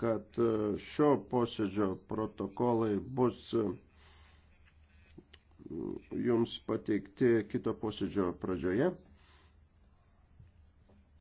kad e, šio posėdžio protokolai bus e, jums pateikti kito posėdžio pradžioje.